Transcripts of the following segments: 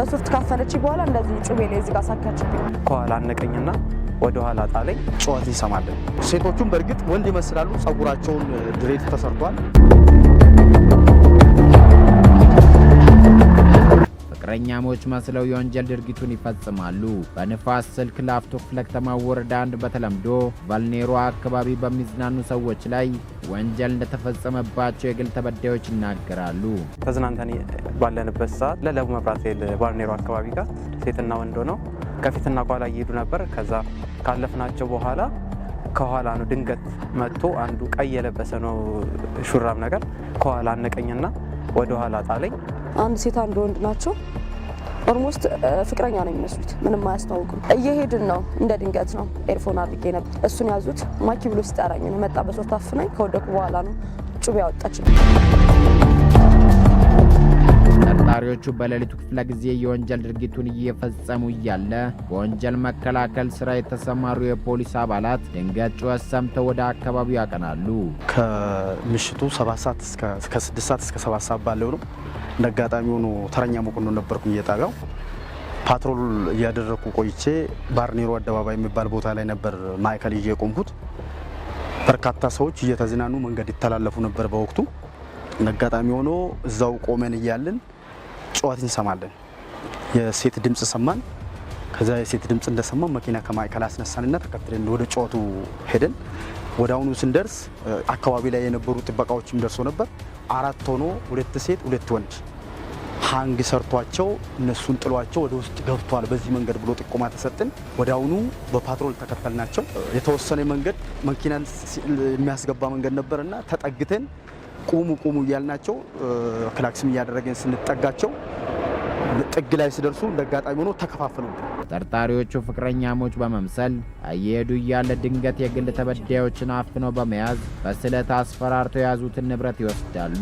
በሱፍ ካፈነች በኋላ እንደዚህ ጩቤ ላይ እዚህ ጋር ሳካችብኝ ከኋላ አነቀኝና ወደ ኋላ ጣለኝ። ጩኸት ይሰማለን። ሴቶቹም በእርግጥ ወንድ ይመስላሉ። ጸጉራቸውን ድሬት ተሰርቷል። እረኛሞች መስለው የወንጀል ድርጊቱን ይፈጽማሉ። በንፋስ ስልክ ላፍቶ ክፍለ ከተማ ወረዳ አንድ በተለምዶ ቫልኔሮ አካባቢ በሚዝናኑ ሰዎች ላይ ወንጀል እንደተፈጸመባቸው የግል ተበዳዮች ይናገራሉ። ተዝናንተን ባለንበት ሰዓት ለለቡ መብራት ኃይል ቫልኔሮ አካባቢ ጋር ሴትና ወንዶ ነው ከፊትና ኋላ እየሄዱ ነበር። ከዛ ካለፍናቸው በኋላ ከኋላ ነው ድንገት መጥቶ አንዱ ቀይ የለበሰ ነው ሹራብ ነገር ከኋላ አነቀኝና ወደ ኋላ ጣለኝ። አንድ ሴት አንድ ወንድ ናቸው። ኦልሞስት ፍቅረኛ ነው የሚመስሉት፣ ምንም አያስተዋውቅም። እየሄድን ነው፣ እንደ ድንገት ነው። ኤርፎን አድርጌ ነበር። እሱን ያዙት። ማኪ ብሎ ሲጠራኝ ነው የመጣ በሶ አፍናኝ። ከወደኩ በኋላ ነው ጩቤ ያወጣችኝ። ጠርጣሪዎቹ በሌሊቱ ክፍለ ጊዜ የወንጀል ድርጊቱን እየፈጸሙ እያለ በወንጀል መከላከል ስራ የተሰማሩ የፖሊስ አባላት ድንገት ጩኸት ሰምተው ወደ አካባቢው ያቀናሉ። ከምሽቱ ሰባት ሰዓት እስከ ስድስት ሰዓት እስከ ሰባት ሰዓት ባለው ነው። እንደ አጋጣሚ ሆኖ ተረኛ መኮንን ነበርኩኝ እየጣቢያው ፓትሮል እያደረግኩ ቆይቼ ባርኔሮ አደባባይ የሚባል ቦታ ላይ ነበር ማዕከል እየቆምኩት። በርካታ ሰዎች እየተዝናኑ መንገድ ይተላለፉ ነበር በወቅቱ አጋጣሚ ሆኖ እዛው ቆመን እያለን ጨዋት እንሰማለን። የሴት ድምፅ ሰማን። ከዛ የሴት ድምፅ እንደሰማን መኪና ከማዕከል አስነሳንና ተከትለን ወደ ጨዋቱ ሄደን ወደ አሁኑ ስንደርስ አካባቢ ላይ የነበሩ ጥበቃዎችም ደርሶ ነበር። አራት ሆኖ ሁለት ሴት ሁለት ወንድ ሀንግ ሰርቷቸው እነሱን ጥሏቸው ወደ ውስጥ ገብቷል በዚህ መንገድ ብሎ ጥቆማ ተሰጥን። ወደ አሁኑ በፓትሮል ተከተልናቸው። የተወሰነ መንገድ መኪናን የሚያስገባ መንገድ ነበርና ተጠግተን ቁሙ ቁሙ እያልናቸው ክላክስም እያደረገን ስንጠጋቸው ጥግ ላይ ሲደርሱ እንዳጋጣሚ ሆኖ ተከፋፈሉብን። ተጠርጣሪዎቹ ፍቅረኛሞች በመምሰል እየሄዱ እያለ ድንገት የግል ተበዳዮችን አፍነው በመያዝ በስለት አስፈራርተው የያዙትን ንብረት ይወስዳሉ።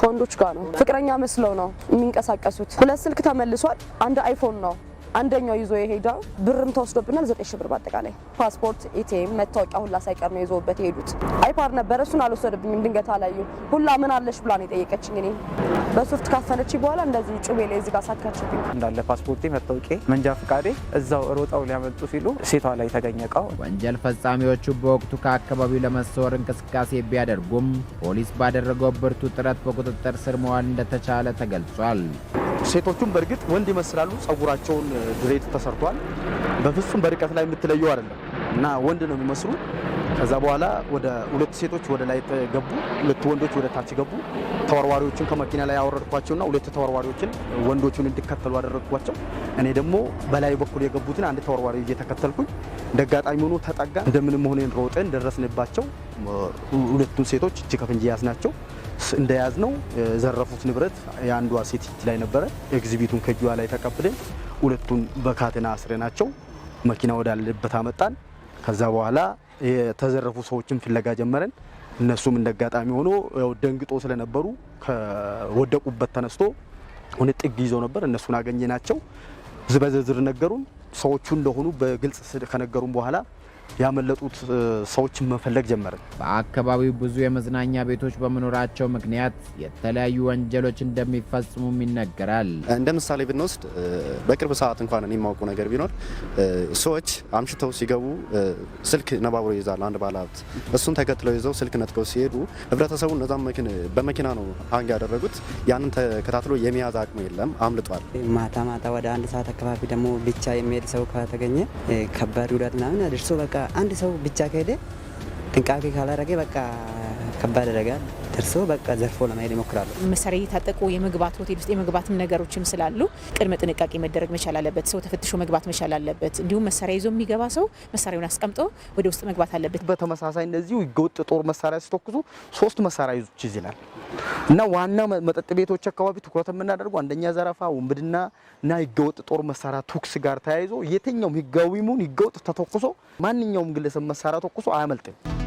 ከወንዶች ጋር ነው፣ ፍቅረኛ መስለው ነው የሚንቀሳቀሱት። ሁለት ስልክ ተመልሷል፣ አንድ አይፎን ነው አንደኛው ይዞ የሄደው ብርም ተወስዶብናል። ዘጠኝ ሺህ ብር በአጠቃላይ ፓስፖርት፣ ኤቲኤም፣ መታወቂያ ሁላ ሳይቀር ነው ይዞበት የሄዱት። አይፓር ነበረ፣ እሱን አልወሰደብኝም ድንገት አላዩ ሁላ ምን አለሽ ብላ ነው የጠየቀችኝ። እኔ በሱፍት ካፈነች በኋላ እንደዚህ ጩቤ ላይ እዚህ ሳካችብኝ እንዳለ ፓስፖርቴ፣ መታወቂያ፣ መንጃ ፍቃዴ እዛው ሮጠው ሊያመጡ ሲሉ ሴቷ ላይ ተገኘ እቃው። ወንጀል ፈጻሚዎቹ በወቅቱ ከአካባቢው ለመሰወር እንቅስቃሴ ቢያደርጉም ፖሊስ ባደረገው ብርቱ ጥረት በቁጥጥር ስር መዋል እንደተቻለ ተገልጿል። ሴቶቹም በእርግጥ ወንድ ይመስላሉ። ጸጉራቸውን ድሬድ ተሰርቷል። በፍጹም በርቀት ላይ የምትለየው አይደለም እና ወንድ ነው የሚመስሉ ከዛ በኋላ ወደ ሁለት ሴቶች ወደ ላይ ገቡ፣ ሁለት ወንዶች ወደ ታች ገቡ። ተወርዋሪዎችን ከመኪና ላይ አወረድኳቸውና ሁለት ተወርዋሪዎችን ወንዶቹን እንዲከተሉ አደረግኳቸው። እኔ ደግሞ በላይ በኩል የገቡትን አንድ ተወርዋሪ እየተከተልኩኝ አጋጣሚ ሆኖ ተጠጋ። እንደምንም ሆነን ሮጠን ደረስንባቸው። ሁለቱን ሴቶች እጅ ከፍንጅ ናቸው እንደያዝ ነው ዘረፉት ንብረት የአንዷ ሴት እጅ ላይ ነበረ። ኤግዚቢቱን ከእጇ ላይ ተቀብለን ሁለቱን በካቴና አስረናቸው መኪና ወዳለበት አመጣን። ከዛ በኋላ የተዘረፉ ሰዎችን ፍለጋ ጀመረን። እነሱም እንደ አጋጣሚ ሆኖ ደንግጦ ስለነበሩ ከወደቁበት ተነስቶ ሁን ጥግ ይዘው ነበር። እነሱን አገኘናቸው። በዝርዝር ነገሩን። ሰዎቹ እንደሆኑ በግልጽ ከነገሩን በኋላ ያመለጡት ሰዎችን መፈለግ ጀመርን። በአካባቢው ብዙ የመዝናኛ ቤቶች በመኖራቸው ምክንያት የተለያዩ ወንጀሎች እንደሚፈጽሙም ይነገራል። እንደ ምሳሌ ብንወስድ በቅርብ ሰዓት እንኳን እኔ የማውቀው ነገር ቢኖር ሰዎች አምሽተው ሲገቡ ስልክ ነባብሮ ይዛል አንድ ባለሀብት። እሱን ተከትለው ይዘው ስልክ ነጥቀው ሲሄዱ ህብረተሰቡ እነዛም በመኪና ነው ሀንግ ያደረጉት። ያንን ተከታትሎ የመያዝ አቅሙ የለም፣ አምልጧል። ማታ ማታ ወደ አንድ ሰዓት አካባቢ ደግሞ ብቻ የሚሄድ ሰው ከተገኘ ከባድ ጉዳት ምናምን አድርሶ በቃ በቃ አንድ ሰው ብቻ ከሄደ ጥንቃቄ ካላረገ በቃ ከባድ ያደርጋል። ደርሰው በቃ ዘርፎ ለማሄድ ይሞክራሉ። መሳሪያ እየታጠቁ የመግባት ሆቴል ውስጥ የመግባትም ነገሮችም ስላሉ ቅድመ ጥንቃቄ መደረግ መቻል አለበት። ሰው ተፈትሾ መግባት መቻል አለበት። እንዲሁም መሳሪያ ይዞ የሚገባ ሰው መሳሪያውን አስቀምጦ ወደ ውስጥ መግባት አለበት። በተመሳሳይ እነዚሁ ህገወጥ ጦር መሳሪያ ሲተኩሱ ሶስት መሳሪያ ይዞች ይዝላል እና ዋና መጠጥ ቤቶች አካባቢ ትኩረት የምናደርጉ አንደኛ ዘረፋ፣ ውንብድና እና ህገወጥ ጦር መሳሪያ ቱክስ ጋር ተያይዞ የትኛውም ሙን ህገወጥ ተተኩሶ ማንኛውም ግለሰብ መሳሪያ ተኩሶ አያመልጥም።